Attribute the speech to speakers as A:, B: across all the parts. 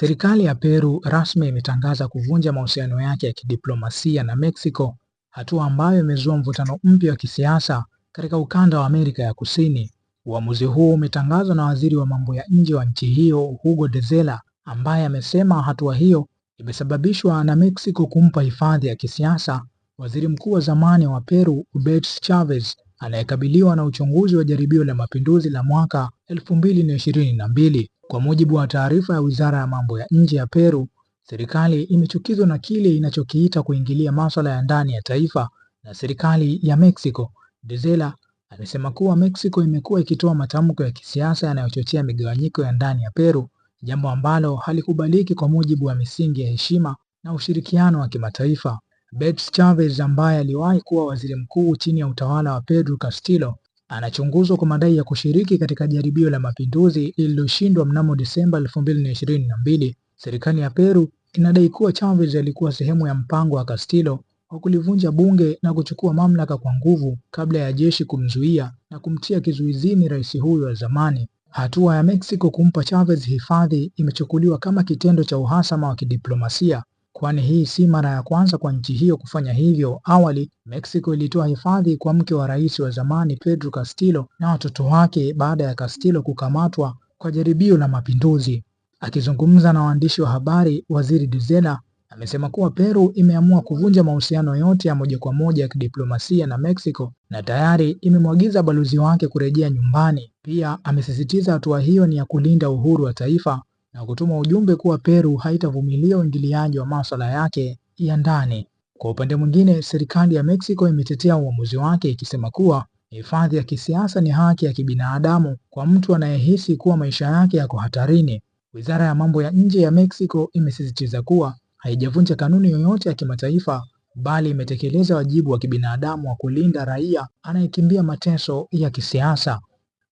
A: Serikali ya Peru rasmi imetangaza kuvunja mahusiano yake ya kidiplomasia na Mexico, hatua ambayo imezua mvutano mpya wa kisiasa katika ukanda wa Amerika ya Kusini. Uamuzi huo umetangazwa na waziri wa mambo ya nje wa nchi hiyo Hugo de Zela, ambaye amesema hatua hiyo imesababishwa na Mexico kumpa hifadhi ya kisiasa waziri mkuu wa zamani wa Peru Huberto Chavez anayekabiliwa na uchunguzi wa jaribio la mapinduzi la mwaka 2022. Kwa mujibu wa taarifa ya Wizara ya Mambo ya Nje ya Peru, serikali imechukizwa na kile inachokiita kuingilia masuala ya ndani ya taifa na serikali ya Mexico. Dezela amesema kuwa Mexico imekuwa ikitoa matamko ya kisiasa yanayochochea migawanyiko ya ndani ya Peru, jambo ambalo halikubaliki kwa mujibu wa misingi ya heshima na ushirikiano wa kimataifa. bets Chavez ambaye aliwahi kuwa waziri mkuu chini ya utawala wa Pedro Castillo anachunguzwa kwa madai ya kushiriki katika jaribio la mapinduzi lililoshindwa mnamo Desemba 2022. Serikali ya Peru inadai kuwa Chavez alikuwa sehemu ya mpango wa Castillo wa kulivunja bunge na kuchukua mamlaka kwa nguvu kabla ya jeshi kumzuia na kumtia kizuizini rais huyo wa zamani. Hatua ya Mexico kumpa Chavez hifadhi imechukuliwa kama kitendo cha uhasama wa kidiplomasia kwani hii si mara ya kwanza kwa nchi hiyo kufanya hivyo. Awali, Mexico ilitoa hifadhi kwa mke wa rais wa zamani Pedro Castillo na watoto wake baada ya Castillo kukamatwa kwa jaribio la mapinduzi. Akizungumza na waandishi wa habari, Waziri Dizela amesema kuwa Peru imeamua kuvunja mahusiano yote ya moja kwa moja ya kidiplomasia na Mexico na tayari imemwagiza balozi wake kurejea nyumbani. Pia amesisitiza hatua hiyo ni ya kulinda uhuru wa taifa na kutuma ujumbe kuwa Peru haitavumilia uingiliaji wa masuala yake ya ndani. Kwa upande mwingine, serikali ya Mexico imetetea uamuzi wake ikisema kuwa hifadhi ya kisiasa ni haki ya kibinadamu kwa mtu anayehisi kuwa maisha yake yako hatarini. Wizara ya mambo ya nje ya Mexico imesisitiza kuwa haijavunja kanuni yoyote ya kimataifa bali imetekeleza wajibu wa kibinadamu wa kulinda raia anayekimbia mateso ya kisiasa.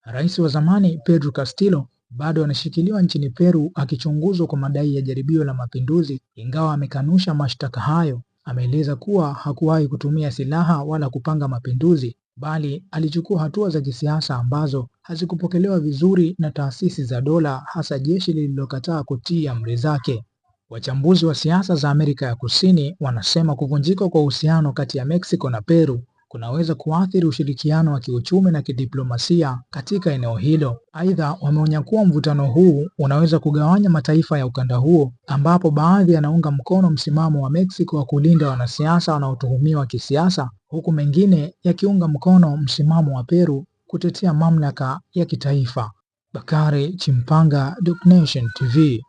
A: Rais wa zamani Pedro Castillo bado anashikiliwa nchini Peru akichunguzwa kwa madai ya jaribio la mapinduzi. Ingawa amekanusha mashtaka hayo, ameeleza kuwa hakuwahi kutumia silaha wala kupanga mapinduzi, bali alichukua hatua za kisiasa ambazo hazikupokelewa vizuri na taasisi za dola, hasa jeshi lililokataa kutii amri zake. Wachambuzi wa siasa za Amerika ya Kusini wanasema kuvunjika kwa uhusiano kati ya Mexico na Peru kunaweza kuathiri ushirikiano wa kiuchumi na kidiplomasia katika eneo hilo. Aidha, wameonya kuwa mvutano huu unaweza kugawanya mataifa ya ukanda huo, ambapo baadhi yanaunga mkono msimamo wa Mexico wa kulinda wanasiasa wanaotuhumiwa kisiasa, huku mengine yakiunga mkono msimamo wa Peru kutetea mamlaka ya kitaifa. Bakari Chimpanga, Duke Nation TV.